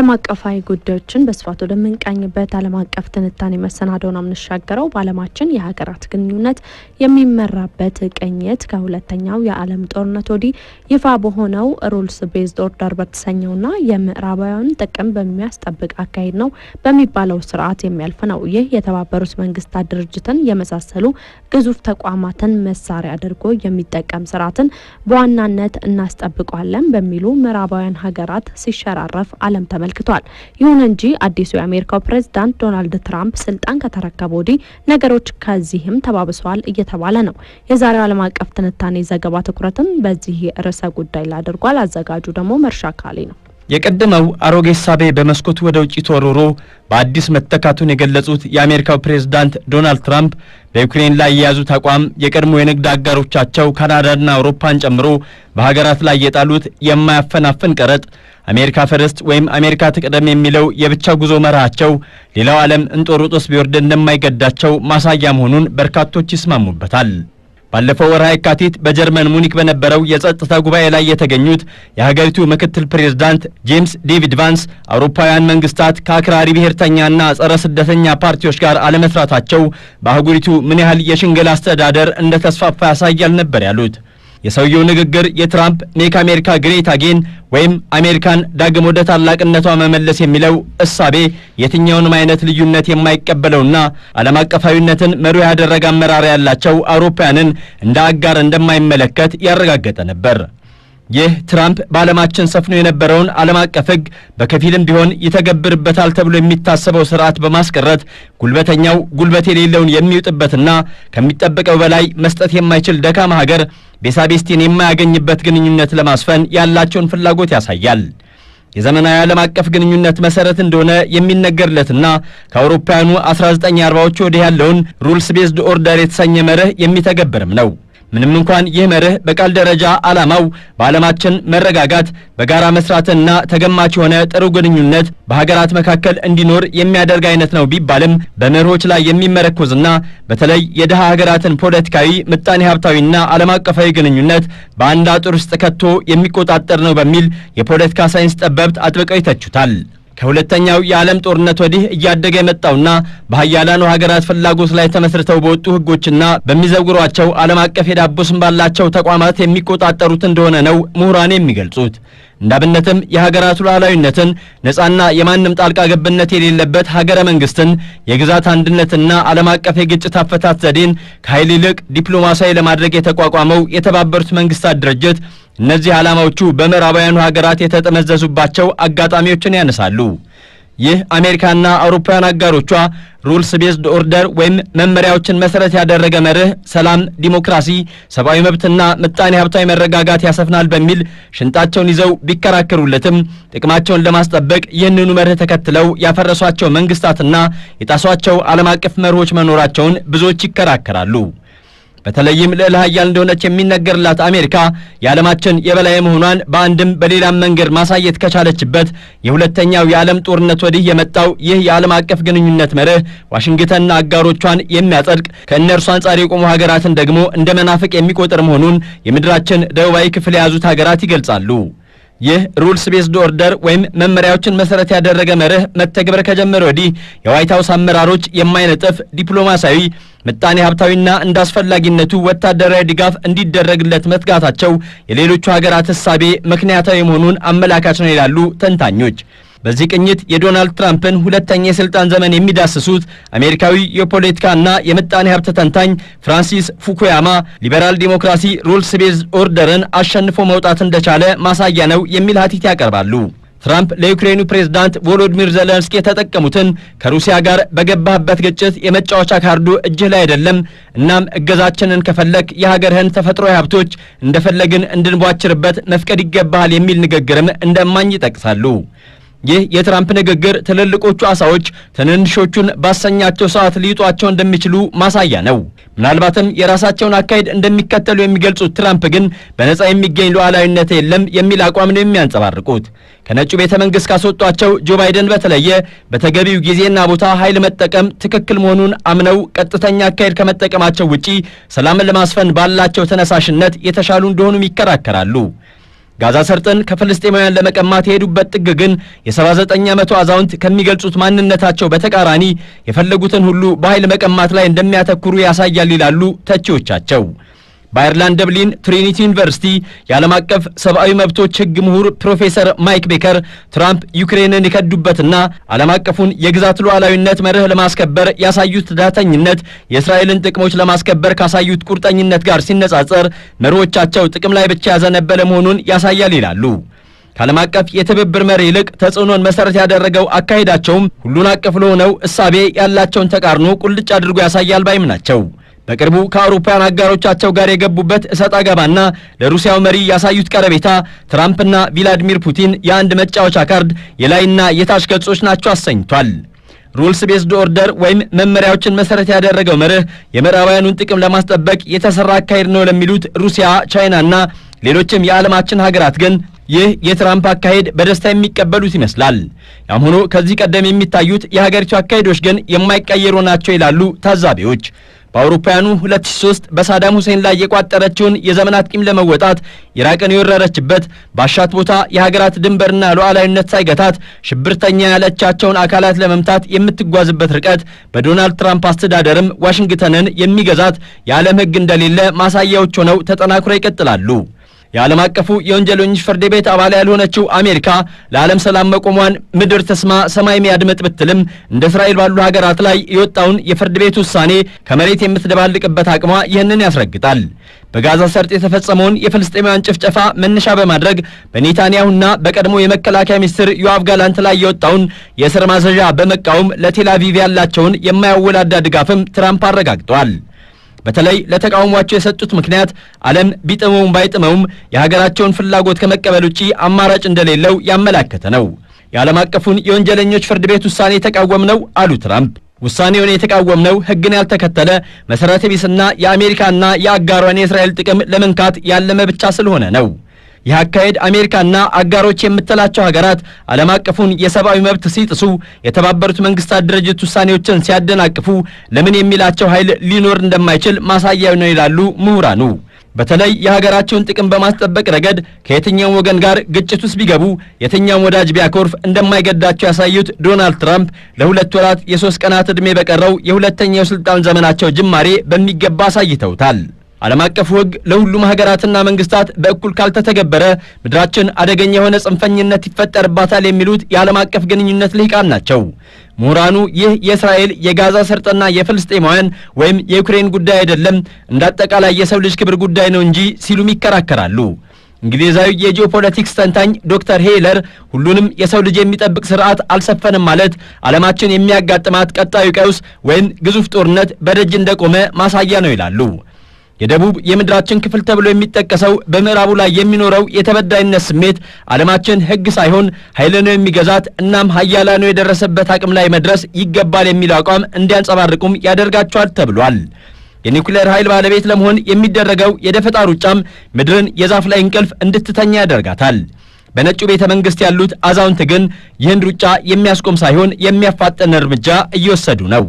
ዓለም አቀፋዊ ጉዳዮችን በስፋት ወደምንቃኝበት ዓለም አቀፍ ትንታኔ መሰናዶውን የምንሻገረው በዓለማችን የሀገራት ግንኙነት የሚመራበት ቅኝት ከሁለተኛው የዓለም ጦርነት ወዲህ ይፋ በሆነው ሩልስ ቤዝድ ኦርደር በተሰኘውና የምዕራባውያን ጥቅም በሚያስጠብቅ አካሄድ ነው በሚባለው ስርዓት የሚያልፍ ነው። ይህ የተባበሩት መንግስታት ድርጅትን የመሳሰሉ ግዙፍ ተቋማትን መሳሪያ አድርጎ የሚጠቀም ስርዓትን በዋናነት እናስጠብቋለን በሚሉ ምዕራባውያን ሀገራት ሲሸራረፍ ዓለም ተመ አመልክቷል። ይሁን እንጂ አዲሱ የአሜሪካው ፕሬዝዳንት ዶናልድ ትራምፕ ስልጣን ከተረከበ ወዲህ ነገሮች ከዚህም ተባብሰዋል እየተባለ ነው። የዛሬው ዓለም አቀፍ ትንታኔ ዘገባ ትኩረትም በዚህ ርዕሰ ጉዳይ ላይ አድርጓል። አዘጋጁ ደግሞ መርሻ ካሌ ነው። የቀደመው አሮጌ ሳቤ በመስኮቱ ወደ ውጭ ተወርሮ በአዲስ መተካቱን የገለጹት የአሜሪካው ፕሬዝዳንት ዶናልድ ትራምፕ በዩክሬን ላይ የያዙት አቋም የቀድሞ የንግድ አጋሮቻቸው ካናዳና አውሮፓን ጨምሮ በሀገራት ላይ የጣሉት የማያፈናፍን ቀረጥ አሜሪካ ፈርስት ወይም አሜሪካ ትቅደም የሚለው የብቻ ጉዞ መርሃቸው ሌላው ዓለም እንጦርጦስ ቢወርድ እንደማይገዳቸው ማሳያ መሆኑን በርካቶች ይስማሙበታል። ባለፈው ወርሃ የካቲት በጀርመን ሙኒክ በነበረው የጸጥታ ጉባኤ ላይ የተገኙት የሀገሪቱ ምክትል ፕሬዝዳንት ጄምስ ዴቪድ ቫንስ አውሮፓውያን መንግስታት ከአክራሪ ብሔርተኛና ጸረ ስደተኛ ፓርቲዎች ጋር አለመስራታቸው በአህጉሪቱ ምን ያህል የሽንገላ አስተዳደር እንደተስፋፋ ያሳያል ነበር ያሉት። የሰውየው ንግግር የትራምፕ ሜክ አሜሪካ ግሬት አጌን ወይም አሜሪካን ዳግም ወደ ታላቅነቷ መመለስ የሚለው እሳቤ የትኛውንም አይነት ልዩነት የማይቀበለውና ዓለም አቀፋዊነትን መሪው ያደረገ አመራር ያላቸው አውሮፓውያንን እንደ አጋር እንደማይመለከት ያረጋገጠ ነበር። ይህ ትራምፕ በዓለማችን ሰፍኖ የነበረውን ዓለም አቀፍ ሕግ በከፊልም ቢሆን ይተገብርበታል ተብሎ የሚታሰበው ስርዓት በማስቀረት ጉልበተኛው ጉልበት የሌለውን የሚውጥበትና ከሚጠበቀው በላይ መስጠት የማይችል ደካማ ሀገር ቤሳቤስቲን የማያገኝበት ግንኙነት ለማስፈን ያላቸውን ፍላጎት ያሳያል። የዘመናዊ ዓለም አቀፍ ግንኙነት መሰረት እንደሆነ የሚነገርለትና ከአውሮፓውያኑ 1940ዎቹ ወዲህ ያለውን ሩልስ ቤዝድ ኦርደር የተሰኘ መርህ የሚተገብርም ነው። ምንም እንኳን ይህ መርህ በቃል ደረጃ ዓላማው በዓለማችን መረጋጋት፣ በጋራ መስራትና ተገማች የሆነ ጥሩ ግንኙነት በሀገራት መካከል እንዲኖር የሚያደርግ አይነት ነው ቢባልም በመርሆች ላይ የሚመረኮዝና በተለይ የድሃ ሀገራትን ፖለቲካዊ፣ ምጣኔ ሀብታዊና ዓለም አቀፋዊ ግንኙነት በአንድ አጥር ውስጥ ከቶ የሚቆጣጠር ነው በሚል የፖለቲካ ሳይንስ ጠበብት አጥብቀው ይተቹታል። ከሁለተኛው የዓለም ጦርነት ወዲህ እያደገ የመጣውና በሀያላኑ ሀገራት ፍላጎት ላይ ተመስርተው በወጡ ህጎችና በሚዘውሯቸው ዓለም አቀፍ የዳቦ ስም ባላቸው ተቋማት የሚቆጣጠሩት እንደሆነ ነው ምሁራን የሚገልጹት። እንዳብነትም የሀገራቱ ሉዓላዊነትን ነጻና የማንም ጣልቃ ገብነት የሌለበት ሀገረ መንግስትን፣ የግዛት አንድነትና ዓለም አቀፍ የግጭት አፈታት ዘዴን ከኃይል ይልቅ ዲፕሎማሲያዊ ለማድረግ የተቋቋመው የተባበሩት መንግስታት ድርጅት እነዚህ ዓላማዎቹ በምዕራባውያኑ ሀገራት የተጠመዘዙባቸው አጋጣሚዎችን ያነሳሉ። ይህ አሜሪካና አውሮፓውያን አጋሮቿ ሩልስ ቤዝድ ኦርደር ወይም መመሪያዎችን መሰረት ያደረገ መርህ ሰላም፣ ዲሞክራሲ፣ ሰብአዊ መብትና ምጣኔ ሀብታዊ መረጋጋት ያሰፍናል በሚል ሽንጣቸውን ይዘው ቢከራከሩለትም ጥቅማቸውን ለማስጠበቅ ይህንኑ መርህ ተከትለው ያፈረሷቸው መንግስታትና የጣሷቸው ዓለም አቀፍ መርሆች መኖራቸውን ብዙዎች ይከራከራሉ። በተለይም ልዕለ ሀያል እንደሆነች የሚነገርላት አሜሪካ የዓለማችን የበላይ መሆኗን በአንድም በሌላም መንገድ ማሳየት ከቻለችበት የሁለተኛው የዓለም ጦርነት ወዲህ የመጣው ይህ የዓለም አቀፍ ግንኙነት መርህ ዋሽንግተንና አጋሮቿን የሚያጸድቅ ከእነርሱ አንጻር የቆሙ ሀገራትን ደግሞ እንደ መናፍቅ የሚቆጥር መሆኑን የምድራችን ደቡባዊ ክፍል የያዙት ሀገራት ይገልጻሉ። ይህ ሩልስ ቤዝድ ኦርደር ወይም መመሪያዎችን መሰረት ያደረገ መርህ መተግበር ከጀመረ ወዲህ የዋይት ሀውስ አመራሮች የማይነጥፍ ዲፕሎማሲያዊ ምጣኔ ሀብታዊና እንደ አስፈላጊነቱ ወታደራዊ ድጋፍ እንዲደረግለት መትጋታቸው የሌሎቹ ሀገራት ሕሳቤ ምክንያታዊ መሆኑን አመላካች ነው ይላሉ ተንታኞች። በዚህ ቅኝት የዶናልድ ትራምፕን ሁለተኛ የስልጣን ዘመን የሚዳስሱት አሜሪካዊ የፖለቲካና የምጣኔ ሀብት ተንታኝ ፍራንሲስ ፉኩያማ ሊበራል ዲሞክራሲ ሩልስ ቤዝ ኦርደርን አሸንፎ መውጣት እንደቻለ ማሳያ ነው የሚል ሀቲት ያቀርባሉ። ትራምፕ ለዩክሬኑ ፕሬዝዳንት ቮሎዲሚር ዘለንስኪ የተጠቀሙትን ከሩሲያ ጋር በገባህበት ግጭት የመጫወቻ ካርዱ እጅህ ላይ አይደለም፣ እናም እገዛችንን ከፈለግ የሀገርህን ተፈጥሯዊ ሀብቶች እንደፈለግን እንድንቧችርበት መፍቀድ ይገባሃል የሚል ንግግርም እንደማኝ ይጠቅሳሉ። ይህ የትራምፕ ንግግር ትልልቆቹ አሳዎች ትንንሾቹን ባሰኛቸው ሰዓት ሊይጧቸው እንደሚችሉ ማሳያ ነው። ምናልባትም የራሳቸውን አካሄድ እንደሚከተሉ የሚገልጹት ትራምፕ ግን በነጻ የሚገኝ ሉዓላዊነት የለም የሚል አቋም ነው የሚያንጸባርቁት። ከነጩ ቤተ መንግሥት ካስወጧቸው ጆ ባይደን በተለየ በተገቢው ጊዜና ቦታ ኃይል መጠቀም ትክክል መሆኑን አምነው ቀጥተኛ አካሄድ ከመጠቀማቸው ውጪ ሰላምን ለማስፈን ባላቸው ተነሳሽነት የተሻሉ እንደሆኑም ይከራከራሉ። ጋዛ ሰርጥን ከፍልስጤማውያን ለመቀማት የሄዱበት ጥግ ግን የ79 ዓመቱ አዛውንት ከሚገልጹት ማንነታቸው በተቃራኒ የፈለጉትን ሁሉ በኃይል መቀማት ላይ እንደሚያተኩሩ ያሳያል ይላሉ ተቺዎቻቸው። በአይርላንድ ደብሊን ትሪኒቲ ዩኒቨርሲቲ የዓለም አቀፍ ሰብአዊ መብቶች ሕግ ምሁር ፕሮፌሰር ማይክ ቤከር ትራምፕ ዩክሬንን የከዱበትና ዓለም አቀፉን የግዛት ሉዓላዊነት መርህ ለማስከበር ያሳዩት ዳተኝነት የእስራኤልን ጥቅሞች ለማስከበር ካሳዩት ቁርጠኝነት ጋር ሲነጻጸር መሪዎቻቸው ጥቅም ላይ ብቻ ያዘነበለ መሆኑን ያሳያል ይላሉ። ከዓለም አቀፍ የትብብር መሪ ይልቅ ተጽዕኖን መሰረት ያደረገው አካሄዳቸውም ሁሉን አቀፍ ለሆነው እሳቤ ያላቸውን ተቃርኖ ቁልጭ አድርጎ ያሳያል ባይም ናቸው። በቅርቡ ከአውሮፓውያን አጋሮቻቸው ጋር የገቡበት እሰጥ አገባና ለሩሲያው መሪ ያሳዩት ቀረቤታ ትራምፕና ቪላዲሚር ፑቲን የአንድ መጫወቻ ካርድ የላይና የታች ገጾች ናቸው አሰኝቷል። ሩልስ ቤዝድ ኦርደር ወይም መመሪያዎችን መሰረት ያደረገው መርህ የምዕራባውያኑን ጥቅም ለማስጠበቅ የተሰራ አካሄድ ነው ለሚሉት ሩሲያ፣ ቻይናና ሌሎችም የዓለማችን ሀገራት ግን ይህ የትራምፕ አካሄድ በደስታ የሚቀበሉት ይመስላል። ያም ሆኖ ከዚህ ቀደም የሚታዩት የሀገሪቱ አካሄዶች ግን የማይቀየሩ ናቸው ይላሉ ታዛቢዎች። በአውሮፓውያኑ 2003 በሳዳም ሁሴን ላይ የቋጠረችውን የዘመናት ቂም ለመወጣት ኢራቅን የወረረችበት ባሻት ቦታ የሀገራት ድንበርና ሉዓላዊነት ሳይገታት ሽብርተኛ ያለቻቸውን አካላት ለመምታት የምትጓዝበት ርቀት በዶናልድ ትራምፕ አስተዳደርም ዋሽንግተንን የሚገዛት የዓለም ሕግ እንደሌለ ማሳያዎች ሆነው ተጠናክሮ ይቀጥላሉ። የዓለም አቀፉ የወንጀለኞች ፍርድ ቤት አባል ያልሆነችው አሜሪካ ለዓለም ሰላም መቆሟን ምድር ተስማ ሰማይ የሚያድመጥ ብትልም እንደ እስራኤል ባሉ ሀገራት ላይ የወጣውን የፍርድ ቤት ውሳኔ ከመሬት የምትደባልቅበት አቅሟ ይህንን ያስረግጣል። በጋዛ ሰርጥ የተፈጸመውን የፍልስጤማውያን ጭፍጨፋ መነሻ በማድረግ በኔታንያሁና በቀድሞ የመከላከያ ሚኒስትር ዮአፍ ጋላንት ላይ የወጣውን የእስር ማዘዣ በመቃወም ለቴል አቪቭ ያላቸውን የማያወላዳ ድጋፍም ትራምፕ አረጋግጠዋል። በተለይ ለተቃውሟቸው የሰጡት ምክንያት ዓለም ቢጥመውም ባይጥመውም የሀገራቸውን ፍላጎት ከመቀበል ውጪ አማራጭ እንደሌለው ያመላከተ ነው። የዓለም አቀፉን የወንጀለኞች ፍርድ ቤት ውሳኔ የተቃወም ነው አሉ ትራምፕ። ውሳኔውን የተቃወም ነው ሕግን ያልተከተለ መሠረተ ቢስና የአሜሪካና የአጋሯን የእስራኤል ጥቅም ለመንካት ያለመ ብቻ ስለሆነ ነው። ይህ አካሄድ አሜሪካና አጋሮች የምትላቸው ሀገራት ዓለም አቀፉን የሰብአዊ መብት ሲጥሱ፣ የተባበሩት መንግስታት ድርጅት ውሳኔዎችን ሲያደናቅፉ ለምን የሚላቸው ኃይል ሊኖር እንደማይችል ማሳያ ነው ይላሉ ምሁራኑ። በተለይ የሀገራቸውን ጥቅም በማስጠበቅ ረገድ ከየትኛውም ወገን ጋር ግጭት ውስጥ ቢገቡ የትኛውም ወዳጅ ቢያኮርፍ እንደማይገዳቸው ያሳዩት ዶናልድ ትራምፕ ለሁለት ወራት የሶስት ቀናት ዕድሜ በቀረው የሁለተኛው ስልጣን ዘመናቸው ጅማሬ በሚገባ አሳይተውታል። ዓለም አቀፉ ሕግ ለሁሉም ሀገራትና መንግስታት በእኩል ካልተተገበረ ምድራችን አደገኛ የሆነ ጽንፈኝነት ይፈጠርባታል የሚሉት የዓለም አቀፍ ግንኙነት ልሂቃን ናቸው። ምሁራኑ ይህ የእስራኤል የጋዛ ሰርጥና የፍልስጤማውያን ወይም የዩክሬን ጉዳይ አይደለም፣ እንደ አጠቃላይ የሰው ልጅ ክብር ጉዳይ ነው እንጂ ሲሉም ይከራከራሉ። እንግሊዛዊ የጂኦፖለቲክስ ተንታኝ ዶክተር ሄይለር ሁሉንም የሰው ልጅ የሚጠብቅ ስርዓት አልሰፈንም ማለት ዓለማችን የሚያጋጥማት ቀጣዩ ቀውስ ወይም ግዙፍ ጦርነት በደጅ እንደቆመ ማሳያ ነው ይላሉ። የደቡብ የምድራችን ክፍል ተብሎ የሚጠቀሰው በምዕራቡ ላይ የሚኖረው የተበዳይነት ስሜት ዓለማችን ሕግ ሳይሆን ኃይል ነው የሚገዛት። እናም ሀያላኑ የደረሰበት አቅም ላይ መድረስ ይገባል የሚለው አቋም እንዲያንጸባርቁም ያደርጋቸዋል ተብሏል። የኒውክሌር ኃይል ባለቤት ለመሆን የሚደረገው የደፈጣ ሩጫም ምድርን የዛፍ ላይ እንቅልፍ እንድትተኛ ያደርጋታል። በነጩ ቤተ መንግስት ያሉት አዛውንት ግን ይህን ሩጫ የሚያስቆም ሳይሆን የሚያፋጠን እርምጃ እየወሰዱ ነው።